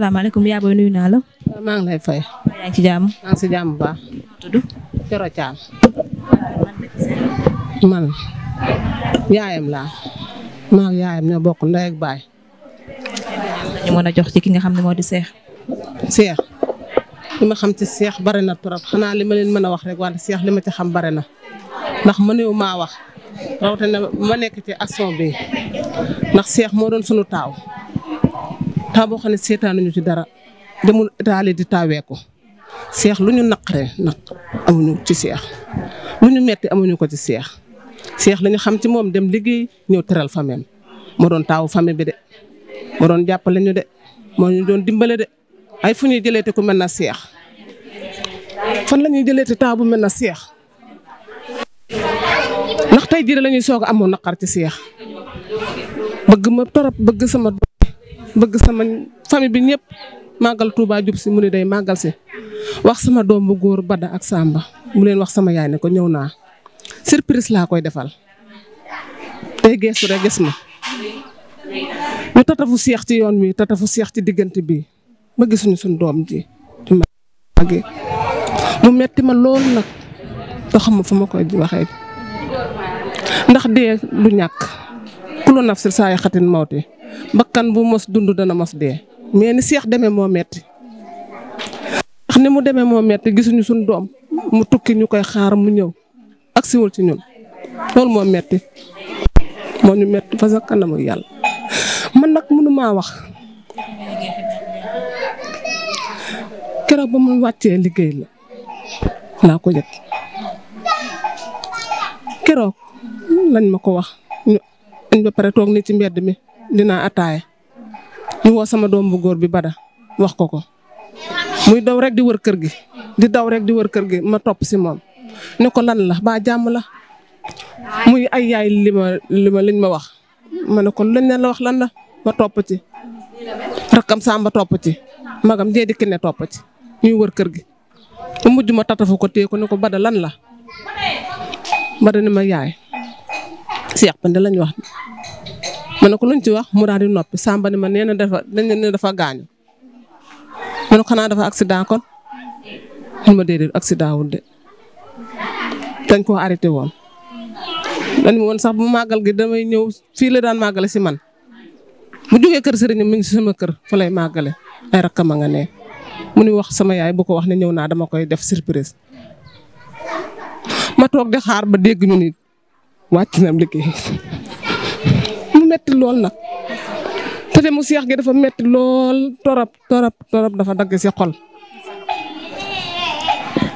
salaamaaleykum yaa booy nuyu naa la. Euh, maa ngi lay fay. yaa ci jàmm. maa ngi si jàmm bu baax. yaayam laa bokk ndey ak baay. ñu mën a jox ci ki nga xam ne moo di seex. seex li ma xam ci seex bari na trop xanaa li ma leen mën a wax rek wante seex li ma ci xam bari na ndax mëneewu maa wax rawatina ma nekk ci action bi ndax seex moo doon sunu taaw. temps boo xam ne seetaanuñu ci dara demul taale di taawee ko seex lu ñu naqaree naq amuñu ci seex lu ñu metti amuñu ko ci seex seex lañu xam ci moom dem liggéey ñëw teral famille moo doon taawu famille bi de moo doon jàppale ñu de moo ñu doon dimbale de ay fu ñuy jëlee te ku mel na seex fan la ñuy jëlee te taaw bu mel na seex ndax tey jii la ñuy soog a naqar ci seex bëgg ma torop bëgg sama. bëgg sama famille bi ñëpp màggal Touba jub si mu ne day màggal si wax sama doom bu góor Bada ak sàmba mu leen wax sama yaay ne ko ñëw naa surprise laa koy defal tey geestu rek gis ma ñu tatafu seex ci yoon wi tatafu seex ci diggante bi ba gisuñu suñ doom ji mu metti ma lool nag te xamul fu ma koy waxee ndax dee lu ñàkk ku lu nafsil saa yaxatin mawti bakkan bu mos dund dana mos dee mais ni seex demee moo metti ndax ni mu demee moo metti gisuñu suñ doom mu tukki ñu koy xaar mu ñëw agsiwul ci ñun loolu moo metti moo ñu metti fa sa kanamu yàlla man nag mënumaa wax keroog ba mu wàccee liggéey la laa ko yëg keroog lañ ma ko wax ñu añ ba pare toog ni ci mbedd mi dinaa ataaya ñu woo sama doom bu góor bi bada wax ko ko muy daw rek di wër kër gi di daw rek di wër kër gi ma topp si moom ne ko lan la ba jàmm la muy ay yaay li ma ma liñ ma wax ma ne ko lañ la wax lan la ma topp ci rakkam Samba topp ci magam Ndiédi Kine topp ci ñuy wër kër gi bu mujj ma tatafu ko téye ko ne ko bada lan la bada ni ma yaay Cheikh Penda lañ wax ma ne ko luñ ci wax mu daal di noppi sàmba ni ma nee na dafa dañ ne dafa gaañu ma ne ko xanaa dafa accident kon mun ma déedéet accident wul de dañ koo arrêté woon. dañ ma woon sax bu màggal gi damay ñëw fii la daan màggale si man mu jógee kër sëriñam mi ngi si sama kër fa lay màggale ay rakkam a nga ne mu ni wax sama yaay bu ko wax ne ñëw naa dama koy def surprise. ma toog di xaar ba dégg ñu ni wàcc na liggéey metti lool nag te mu seex gi dafa metti lool torop torop torop dafa dagg si xol.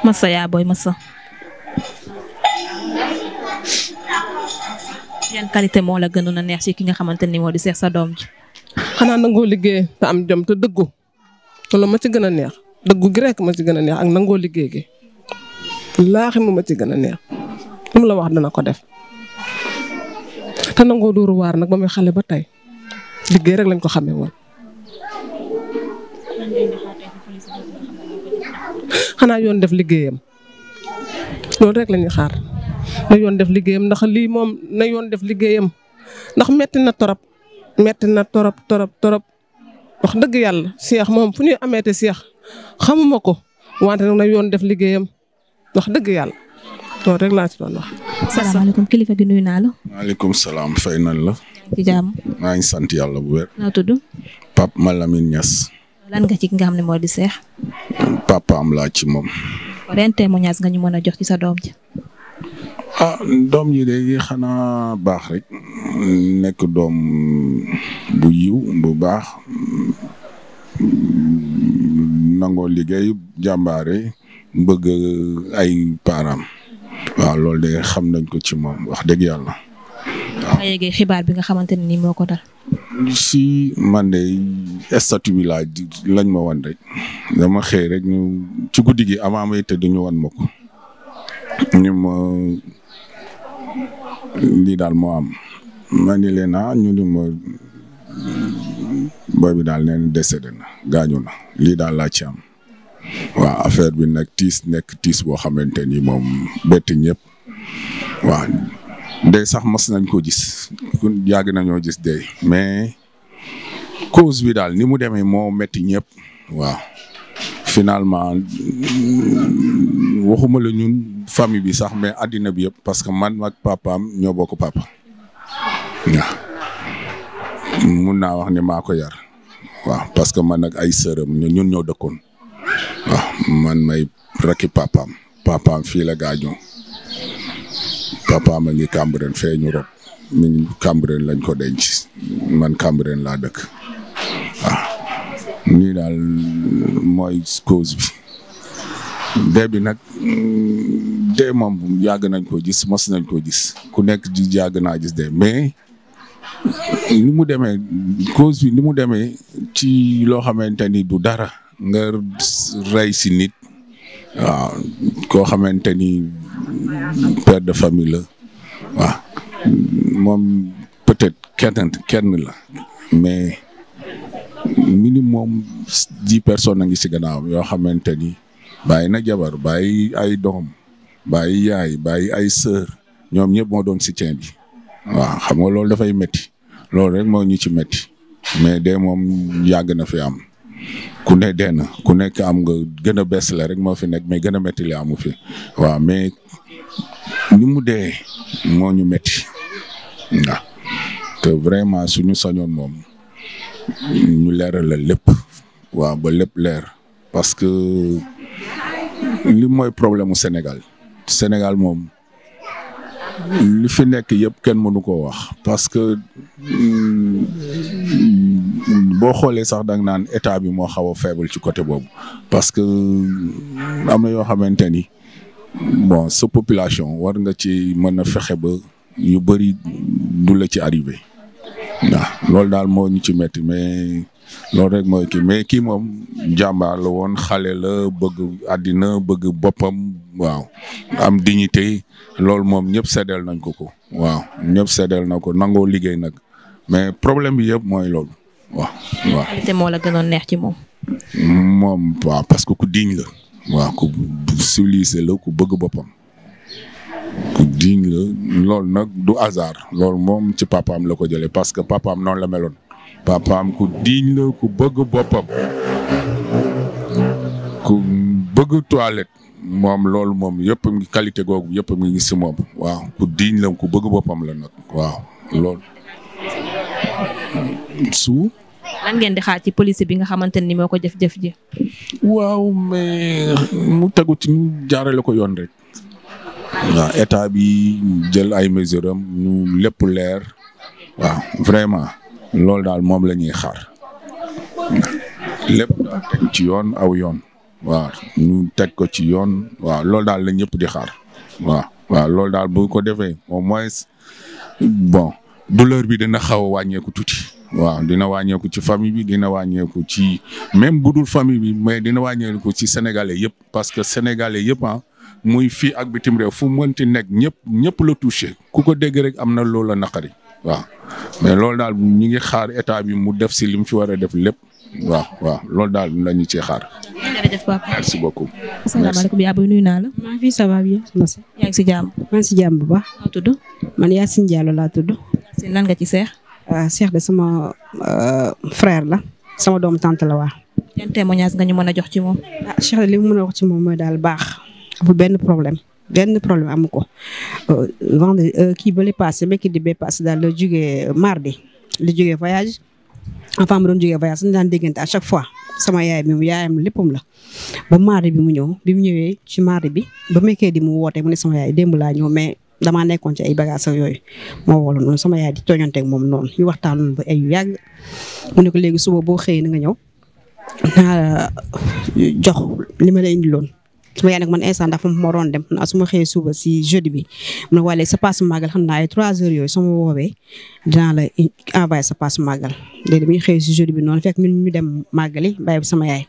Massa yaa booy Massa. yan qualité moo la gënoon a neex ci ki nga xamante ni moo di seex sa doom ji. xanaa nangoo liggéey te am jom te dëggu loolu ma ci gën a neex dëggu gi rek ma ci gën a neex ak nangoo liggéey gi. wallaahi mu ma ci gën a neex lu mu la wax dana ko def. te nangoo nag ba muy ba tey liggéey rek lañ ko xamee woon. xanaa yoon def liggéeyam loolu rek la xaar na yoon def liggéeyam ndax lii moom na yoon def liggéeyam ndax metti na torop metti na torop torop torop wax dëgg yàlla seex moom fu ñuy ameete seex xamuma ko wante nag na yoon def liggéeyam wax dëgg yàlla. loolu rek laa ci doon wax. asalaamaaleykum kilifa gi nuyu naa maaleykum salaam fay nañ la. ci jàmm. maa ngi sant yàlla bu wér. noo tudd. Pape ñas Niass. lan nga ci nga xam ne moo di seex. papaam laa ci moom. ren témoignage nga ñu mën a jox ci sa doom ji. ah doom yi léegi xanaa baax rek nekk doom bu yiw bu baax nangoo liggéey jàmbaare bëgg ay param waaw loolu de xam nañ ko ci moom wax dëgg yàlla. waaw nga xibaar bi nga xamante ne ni moo ko dal. si man de statut bi lañ ma wan rek dama xëy rek ñu ci guddi gi avant may tëdd ñu wan ma ko ñu lii daal moo am ma ni leen ah ñu ni ma bi daal neen décédé na gaañu na lii daal laa am. waaw affaire bi nag tiis nekk tiis boo xamante ni moom bett ñëpp waaw sax mas nañ ko gis kun yàgg nañoo gis dey mais cause bi daal ni mu demee moo métti ñëpp waaw finalement waxuma la ñun famille bi sax mais àddina bi yëpp parce que man ak papaam ñoo bokk papa waaw mun naa wax ne maa ko yar waaw parce que man ak ay sërëm ñun ñoo dëkkoon waaw ah, man may rakki papaam papam fii la gaañoo papaam a ngi Cambérène fee ñu rob mi ngi Cambérène lañ ko denc man Cambérène laa dëkk waaw ah, nii daal mooy cause bi dee bi nag mm, dee moom yàgg nañ koo gis mos nañ koo gis ku nekk di yàgg naa gis dee mais ni mu demee cause bi ni mu demee ci loo xamante ni du dara nga rey si nit waaw koo xamante ni père de famille la waaw moom peut-être kenn kenn la mais minimum dix personnes a ngi si am yoo xamante ni bàyyi na jabar bàyyi ay doom bàyyi yaay bàyyi ay sœur ñoom ñëpp moo doon soutien bi waaw xam nga loolu dafay métti loolu rek moo ñu ci métti mais de moom yàgg na fi am ku ne dee na ku nekk am nga gën a la rek moo fi nekk mais gën a métti la amu fi waaw mais ni mu dee moo ñu métti waaw te vraiment suñu sañoon moom ñu leeral la lépp waaw ba lépp ler parce que li mooy problème mu Sénégal Sénégal moom li fi nekk yëpp kenn mënu koo wax parce que mm, boo xoolee sax da nga naan état bi moo xaw a faible ci côté boobu parce que euh, am na yoo xamante ni bon sa population war nga ci mën a fexe ba yu bëri du la ci arrivé waaw loolu daal moo ñu ci metti mais loolu rek mooy kii mais kii moom jàmbaar la woon xale la bëgg àddina bëgg boppam waaw am dignité loolu moom ñëpp seddeel nañ ko ko waaw ñëpp seddeel na ko nangoo liggéey nag mais problème bi yëpp mooy loolu waaw waaw. qualité moo ci moom. moom parce que ku diiñ la. waaw ku la ku bëgg boppam. ku diñ la lool nag du hasard loolu moom ci papaam la ko jëlee parce que papaam noonu la meloon. papaam ku diñ la ku bëgg boppam. ku bëgg toilette. moom loolu moom yëpp ngi qualité googu yëpp mu gis si moom waaw ku diñ la ku bëgg boppam la nag waaw loolu su lan ngeen di xaar ci police bi nga xamante ni moo ko jëf-jëf ji. waaw mais mu tegu ci ñu jaarale ko yoon rek. waaw état bi jël ay mesures am ñu lépp leer. waaw vraiment loolu daal moom la ñuy xaar lépp daal teg ci yoon aw yoon. waaw teg ko ci yoon waaw loolu daal la ñëpp di xaar waaw waaw loolu daal bu ko defee au moins bon buleur bi dina xaw a wàññeeku tuuti. waaw dina wàññeeku ci famille bi dina wàññeeku ci même bu dul famille bi mais dina wàññeeku ci sénégalais yëpp parce que sénégalais yëpp ah, muy fii ak bitim réew fu mënti nekk ñëpp ñëpp la touché ku ko dégg rek am na loolu la naqari waaw mais loolu daal ñu ngi xaar état bi mu def si li mu ci war a def lépp waaw waaw loolu daal la ñu ci xaar. jërëjëf si merci beaucoup. asalaamaaleykum yaa booy naa la. maa ngi fi yaa si jàmm. maa ngi si jàmm laa tudd. man nga ci seex. waaw Cheikh de sama euh, frère la sama doomu tante la waa. yan témoignage nga ñu man a jox ci moom. ah Cheikh li mu mën a wax ci moom mooy daal baax amul benn problème benn problème amu ko. Euh, vendre euh, kii ba li passé mekki di bee passé daal la jugee mardi la jugee voyage enfant mu doon jugee voyage suñu daan déggante à chaque fois. sama yaay bi mu yaayam léppam la ba mardi bi mu ñëw bi mu ñëwee ci mardi bi ba mekkee di mu woote mu ne sama yaay démb laa ñëw damaa nekkoon ci ay bagages yooyu moo wolu noonu sama yaay di tooñanteeg moom noonu ñu waxtaan noonu ba ay yàgg mu ne léegi suba boo xëyee na nga ñëw naa euh, jox li ma la indiloon sama yaay nag man instant dafa ma waroon dem naa su ma xëyee suba si jeudi bi mu ne wala sa passe màggal xam naa ay trois yooyu sama woowee dinaa la sa passe màggal léegi bi ñu xëyee si jeudi bi noonu fekk ñun ñu dem màggali bàyyi sama yaay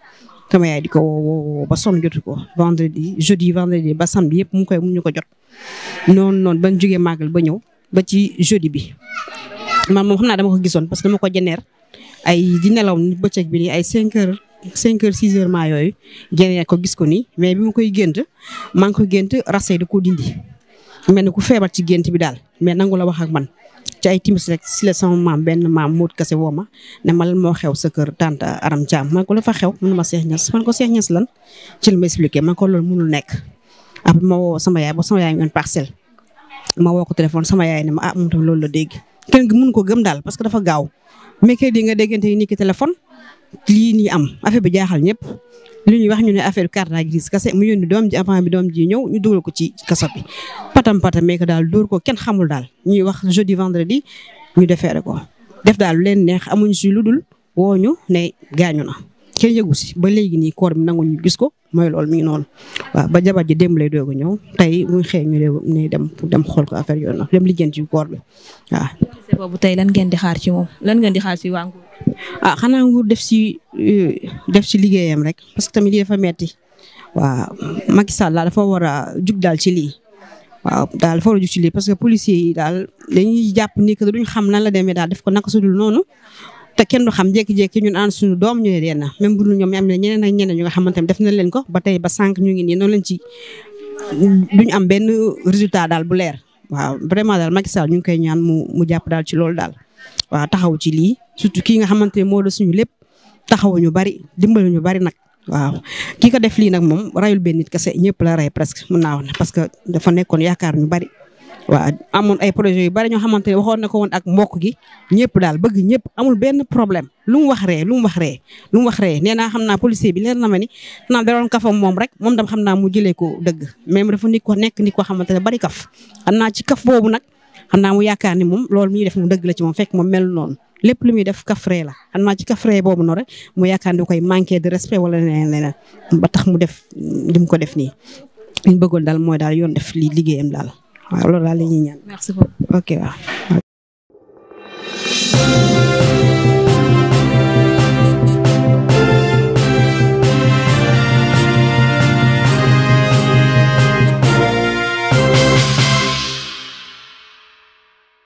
sama yaay di ko woo woo ba sonn jotu ko vendredi jeudi vendredi ba samedi yëpp mu koy mu ñu ko jot noonu noonu ba jugee jógee màggal ba ñëw ba ci jeudi bi man moom xam naa dama ko gisoon parce que dama ko jeneer ay di nelaw ni bëccëg bi nii ay 5 heures 5 yooyu génne ko gis ko nii mais bi ma koy gént maa ngi koy gént rase da koo dindi. mel ni ku feebar ci gént bi daal mais nangu la wax ak man ci ay timis rek si la sama maam benn maam Moot Kase woo ma ne ma lan moo xew sa kër tante Aram Thiam man ko la fa xew man ma Cheikh Niass man ko Cheikh Niass lan ci ma ko loolu mënul nekk. après ma woo sama yaay ba sama yaay mi woon parcelle ma woo ko téléphone sama yaay ne ma ah moom tamit loolu la dégg kenn mënu ko gëm daal parce que dafa gaaw mais kër yi nga déggante ni ki téléphone lii nii am affaire bi jaaxal ñëpp li ñuy wax ñu ne affaire carte grise kase mu yónni doom avant bi doom ji ñëw ñu dugal ko ci kaso bi patam patam meek daal door ko kenn xamul daal ñuy wax jeudi vendredi ñu defeere ko def daal leen neex amuñu si lu dul woo ñu ne gaañu na kenn yëgu ba léegi nii koor mi nangu ñu gis ko mooy loolu mi noonu waaw ba jabar ji dem lay doog a ñëw tey muy xëy ñu ne dem pour dem xool ko affaire yooyu noonu dem lijjanti ci koor bi waaw. boobu tey lan ngeen di xaar ci moom lan ngeen di xaar ci waa nguur. ah xanaa nguur def ci euh, def ci liggéeyam rek parce que tamit lii dafa metti waaw Macky Sall dafa war a jug daal ci lii. waaw daal dafa war a jug ci lii parce que policiers yi daal dañuy jàpp ni que duñ xam nan la demee daal def ko naka sudul noonu te kenn du xam jékki-jékki ñun ànd suñu doom ñu ne leen na même bu dul ñoom ñu am ñu nga xamante def na leen ko ba tey ba sànq ñu ngi nii noonu lañ ci duñ am benn résultat daal bu leer waaw vraiment daal Macky Sall ñu ngi koy ñaan mu mu jàpp daal ci loolu daal waaw taxaw ci lii surtout kii nga xamante ne moo da suñu lépp taxaw ñu bari dimbali ñu bari nag waaw kii ko def lii nag moom rayul benn kase kese ñëpp la rey presque mu naa wax parce que dafa nekkoon yaakaar waaw amoon ay projet yu bari ñoo xamante ne waxoon na ko woon ak mbokk gi ñëpp daal bëgg ñëpp amul benn problème lu mu wax ree lu mu wax ree lu mu wax nee naa xam naa policier bi leen na ma ni xanaa daloon kafam moom rek moom xam naa mu jëlee ko dëgg même dafa nit ko nekk koo xamante ne bari kaf xam naa kaf boobu nag xam naa mu yaakaar ni moom loolu muy def mu dëgg la ci moom fekk moom mel noonu lépp lu muy def kaf ree la xam naa ci kaf ree boobu noonu rek mu yaakaar ni koy manqué de respect wala leneen leneen ba tax mu def li mu ko def nii li mu bëggoon daal mooy daal yoon def li liggéeyam daal waaw loolu daal la